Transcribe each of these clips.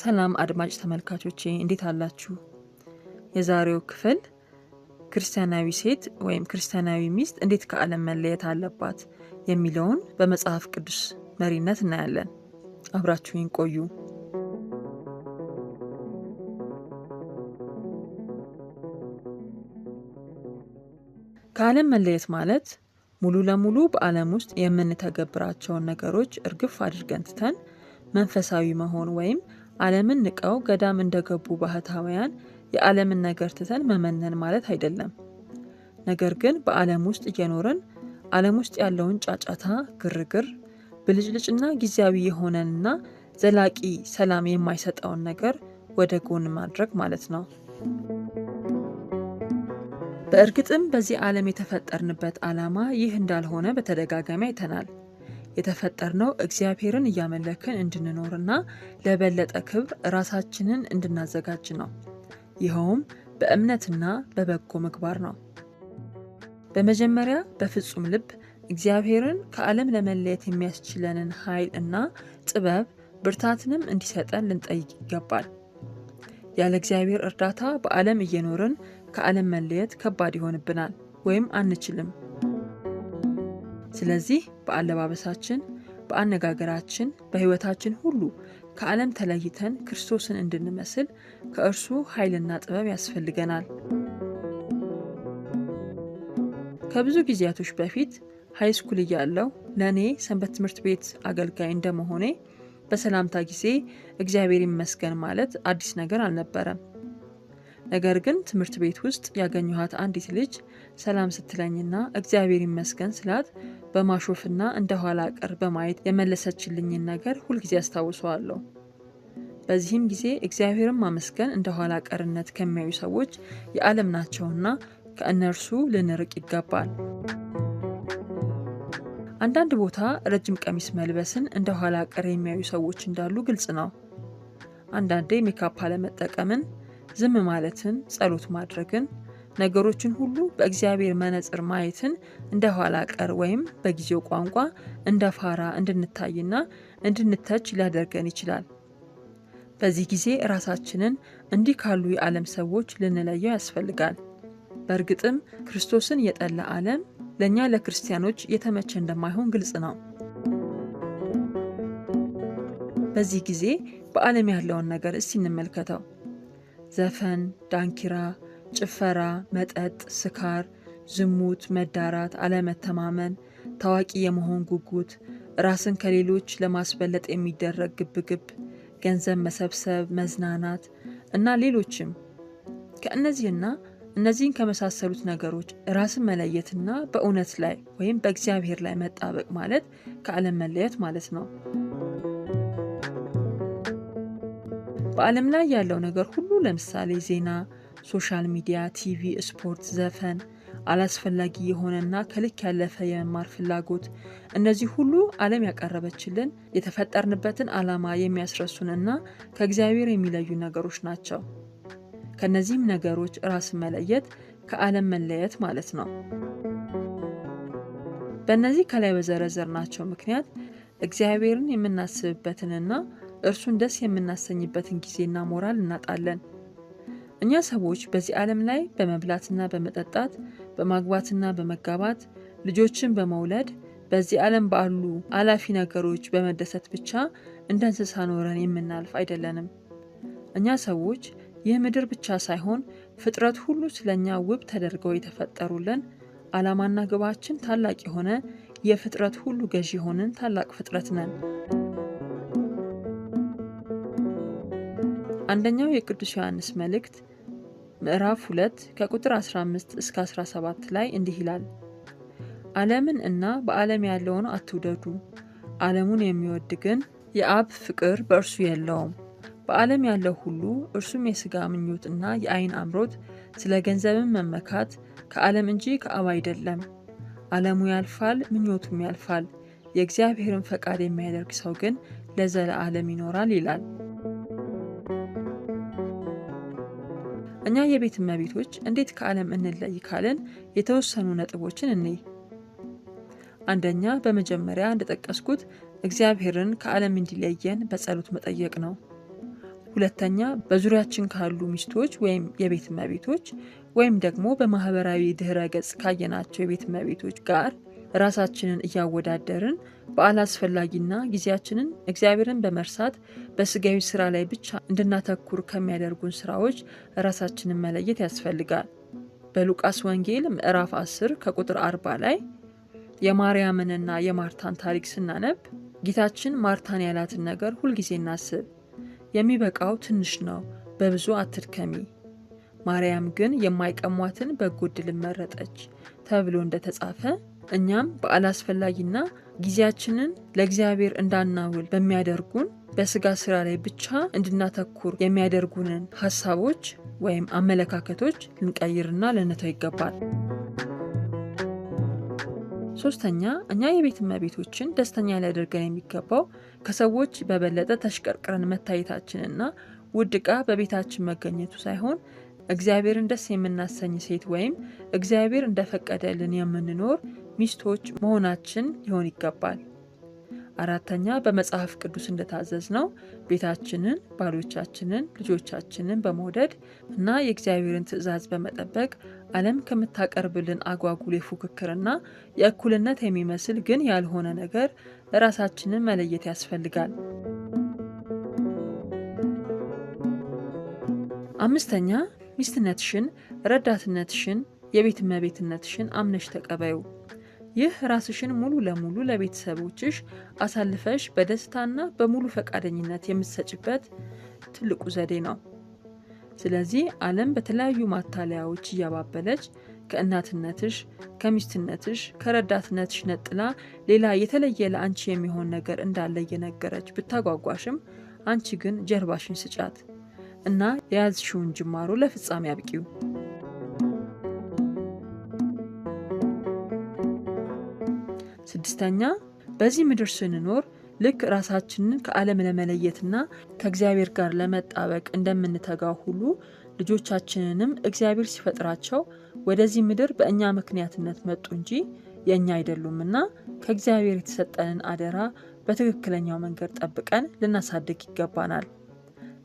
ሰላም አድማጭ ተመልካቾቼ እንዴት አላችሁ? የዛሬው ክፍል ክርስቲያናዊ ሴት ወይም ክርስቲያናዊ ሚስት እንዴት ከዓለም መለየት አለባት የሚለውን በመጽሐፍ ቅዱስ መሪነት እናያለን። አብራችሁን ቆዩ። ከዓለም መለየት ማለት ሙሉ ለሙሉ በዓለም ውስጥ የምንተገብራቸውን ነገሮች እርግፍ አድርገን ትተን መንፈሳዊ መሆን ወይም ዓለምን ንቀው ገዳም እንደገቡ ባህታውያን የዓለምን ነገር ትተን መመነን ማለት አይደለም። ነገር ግን በዓለም ውስጥ እየኖርን ዓለም ውስጥ ያለውን ጫጫታ፣ ግርግር፣ ብልጭልጭና ጊዜያዊ የሆነንና ዘላቂ ሰላም የማይሰጠውን ነገር ወደ ጎን ማድረግ ማለት ነው። በእርግጥም በዚህ ዓለም የተፈጠርንበት ዓላማ ይህ እንዳልሆነ በተደጋጋሚ አይተናል። የተፈጠርነው እግዚአብሔርን እያመለክን እንድንኖርና ለበለጠ ክብር ራሳችንን እንድናዘጋጅ ነው። ይኸውም በእምነትና በበጎ ምግባር ነው። በመጀመሪያ በፍጹም ልብ እግዚአብሔርን ከዓለም ለመለየት የሚያስችለንን ኃይል እና ጥበብ ብርታትንም እንዲሰጠን ልንጠይቅ ይገባል። ያለ እግዚአብሔር እርዳታ በዓለም እየኖርን ከዓለም መለየት ከባድ ይሆንብናል ወይም አንችልም። ስለዚህ በአለባበሳችን፣ በአነጋገራችን፣ በሕይወታችን ሁሉ ከዓለም ተለይተን ክርስቶስን እንድንመስል ከእርሱ ኃይልና ጥበብ ያስፈልገናል። ከብዙ ጊዜያቶች በፊት ሃይስኩል እያለው ለእኔ ሰንበት ትምህርት ቤት አገልጋይ እንደመሆኔ በሰላምታ ጊዜ እግዚአብሔር ይመስገን ማለት አዲስ ነገር አልነበረም። ነገር ግን ትምህርት ቤት ውስጥ ያገኘኋት አንዲት ልጅ ሰላም ስትለኝና እግዚአብሔር ይመስገን ስላት በማሾፍና እንደ ኋላ ቀር በማየት የመለሰችልኝን ነገር ሁልጊዜ አስታውሰዋለሁ። በዚህም ጊዜ እግዚአብሔርን ማመስገን እንደ ኋላ ቀርነት ከሚያዩ ሰዎች የዓለም ናቸውና ከእነርሱ ልንርቅ ይገባል። አንዳንድ ቦታ ረጅም ቀሚስ መልበስን እንደ ኋላ ቀር የሚያዩ ሰዎች እንዳሉ ግልጽ ነው። አንዳንዴ ሜካፕ አለመጠቀምን ዝም ማለትን፣ ጸሎት ማድረግን፣ ነገሮችን ሁሉ በእግዚአብሔር መነጽር ማየትን እንደ ኋላ ቀር ወይም በጊዜው ቋንቋ እንደ ፋራ እንድንታይና እንድንተች ሊያደርገን ይችላል። በዚህ ጊዜ ራሳችንን እንዲህ ካሉ የዓለም ሰዎች ልንለየው ያስፈልጋል። በእርግጥም ክርስቶስን የጠላ ዓለም ለእኛ ለክርስቲያኖች የተመቸ እንደማይሆን ግልጽ ነው። በዚህ ጊዜ በዓለም ያለውን ነገር እስቲ እንመልከተው። ዘፈን፣ ዳንኪራ፣ ጭፈራ፣ መጠጥ፣ ስካር፣ ዝሙት፣ መዳራት፣ አለመተማመን፣ ታዋቂ የመሆን ጉጉት፣ ራስን ከሌሎች ለማስበለጥ የሚደረግ ግብግብ፣ ገንዘብ መሰብሰብ፣ መዝናናት እና ሌሎችም። ከእነዚህና እነዚህን ከመሳሰሉት ነገሮች ራስን መለየትና በእውነት ላይ ወይም በእግዚአብሔር ላይ መጣበቅ ማለት ከዓለም መለየት ማለት ነው። በዓለም ላይ ያለው ነገር ሁሉ ለምሳሌ ዜና፣ ሶሻል ሚዲያ፣ ቲቪ፣ ስፖርት፣ ዘፈን፣ አላስፈላጊ የሆነና ከልክ ያለፈ የመማር ፍላጎት፣ እነዚህ ሁሉ ዓለም ያቀረበችልን የተፈጠርንበትን ዓላማ የሚያስረሱን እና ከእግዚአብሔር የሚለዩ ነገሮች ናቸው። ከእነዚህም ነገሮች ራስን መለየት ከዓለም መለየት ማለት ነው። በእነዚህ ከላይ በዘረዘርናቸው ምክንያት እግዚአብሔርን የምናስብበትንና እርሱን ደስ የምናሰኝበትን ጊዜና ሞራል እናጣለን። እኛ ሰዎች በዚህ ዓለም ላይ በመብላትና በመጠጣት በማግባትና በመጋባት ልጆችን በመውለድ በዚህ ዓለም ባሉ አላፊ ነገሮች በመደሰት ብቻ እንደ እንስሳ ኖረን የምናልፍ አይደለንም። እኛ ሰዎች ይህ ምድር ብቻ ሳይሆን ፍጥረት ሁሉ ስለ እኛ ውብ ተደርገው የተፈጠሩልን ዓላማና ግባችን ታላቅ የሆነ የፍጥረት ሁሉ ገዢ የሆንን ታላቅ ፍጥረት ነን። አንደኛው የቅዱስ ዮሐንስ መልእክት ምዕራፍ 2 ከቁጥር 15 እስከ 17 ላይ እንዲህ ይላል፣ ዓለምን እና በዓለም ያለውን አትውደዱ። ዓለሙን የሚወድ ግን የአብ ፍቅር በእርሱ የለውም። በዓለም ያለው ሁሉ እርሱም የሥጋ ምኞትና የአይን አምሮት፣ ስለ ገንዘብን መመካት ከዓለም እንጂ ከአብ አይደለም። ዓለሙ ያልፋል፣ ምኞቱም ያልፋል። የእግዚአብሔርን ፈቃድ የሚያደርግ ሰው ግን ለዘለዓለም ይኖራል ይላል። እኛ የቤት እመቤቶች እንዴት ከዓለም እንለይ ካልን የተወሰኑ ነጥቦችን እንይ። አንደኛ፣ በመጀመሪያ እንደጠቀስኩት እግዚአብሔርን ከዓለም እንዲለየን በጸሎት መጠየቅ ነው። ሁለተኛ፣ በዙሪያችን ካሉ ሚስቶች ወይም የቤት እመቤቶች ወይም ደግሞ በማህበራዊ ድህረ ገጽ ካየናቸው የቤት እመቤቶች ጋር ራሳችንን እያወዳደርን በአላስፈላጊና ጊዜያችንን እግዚአብሔርን በመርሳት በስጋዊ ስራ ላይ ብቻ እንድናተኩር ከሚያደርጉን ስራዎች ራሳችንን መለየት ያስፈልጋል። በሉቃስ ወንጌል ምዕራፍ 10 ከቁጥር 40 ላይ የማርያምንና የማርታን ታሪክ ስናነብ ጌታችን ማርታን ያላትን ነገር ሁልጊዜ እናስብ፣ የሚበቃው ትንሽ ነው፣ በብዙ አትድከሚ፣ ማርያም ግን የማይቀሟትን በጎ ዕድልን መረጠች ተብሎ እንደተጻፈ እኛም በአላስፈላጊና ጊዜያችንን ለእግዚአብሔር እንዳናውል በሚያደርጉን በስጋ ስራ ላይ ብቻ እንድናተኩር የሚያደርጉንን ሀሳቦች ወይም አመለካከቶች ልንቀይርና ልንተው ይገባል። ሶስተኛ እኛ የቤት እመቤቶችን ደስተኛ ሊያደርገን የሚገባው ከሰዎች በበለጠ ተሽቀርቅረን መታየታችንና ውድ ዕቃ በቤታችን መገኘቱ ሳይሆን እግዚአብሔርን ደስ የምናሰኝ ሴት ወይም እግዚአብሔር እንደፈቀደልን የምንኖር ሚስቶች መሆናችን ሊሆን ይገባል። አራተኛ በመጽሐፍ ቅዱስ እንደታዘዝ ነው ቤታችንን፣ ባሎቻችንን፣ ልጆቻችንን በመውደድ እና የእግዚአብሔርን ትእዛዝ በመጠበቅ ዓለም ከምታቀርብልን አጓጉል የፉክክርና የእኩልነት የሚመስል ግን ያልሆነ ነገር ለራሳችንን መለየት ያስፈልጋል። አምስተኛ ሚስትነትሽን፣ ረዳትነትሽን፣ የቤት እመቤትነትሽን አምነሽ ተቀበዩ። ይህ ራስሽን ሙሉ ለሙሉ ለቤተሰቦችሽ አሳልፈሽ በደስታና በሙሉ ፈቃደኝነት የምትሰጭበት ትልቁ ዘዴ ነው። ስለዚህ ዓለም በተለያዩ ማታለያዎች እያባበለች ከእናትነትሽ፣ ከሚስትነትሽ፣ ከረዳትነትሽ ነጥላ ሌላ የተለየ ለአንቺ የሚሆን ነገር እንዳለ እየነገረች ብታጓጓሽም አንቺ ግን ጀርባሽን ስጫት እና የያዝሽውን ጅማሮ ለፍጻሜ አብቂው። ስድስተኛ በዚህ ምድር ስንኖር ልክ ራሳችንን ከዓለም ለመለየትና ከእግዚአብሔር ጋር ለመጣበቅ እንደምንተጋው ሁሉ ልጆቻችንንም እግዚአብሔር ሲፈጥራቸው ወደዚህ ምድር በእኛ ምክንያትነት መጡ እንጂ የእኛ አይደሉምና ከእግዚአብሔር የተሰጠንን አደራ በትክክለኛው መንገድ ጠብቀን ልናሳድግ ይገባናል።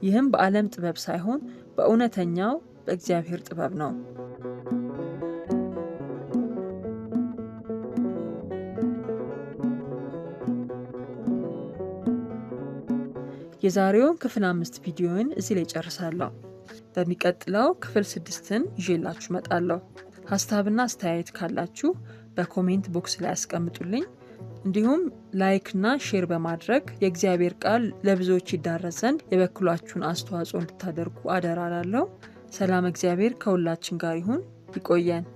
ይህም በዓለም ጥበብ ሳይሆን በእውነተኛው በእግዚአብሔር ጥበብ ነው። የዛሬውን ክፍል አምስት ቪዲዮን እዚህ ላይ ጨርሳለሁ። በሚቀጥለው ክፍል ስድስትን ይዤላችሁ መጣለሁ። ሀሳብና አስተያየት ካላችሁ በኮሜንት ቦክስ ላይ አስቀምጡልኝ እንዲሁም ላይክ ና ሼር በማድረግ የእግዚአብሔር ቃል ለብዙዎች ይዳረስ ዘንድ የበኩላችሁን አስተዋጽኦ እንድታደርጉ አደራ ላለሁ። ሰላም፣ እግዚአብሔር ከሁላችን ጋር ይሁን። ይቆየን።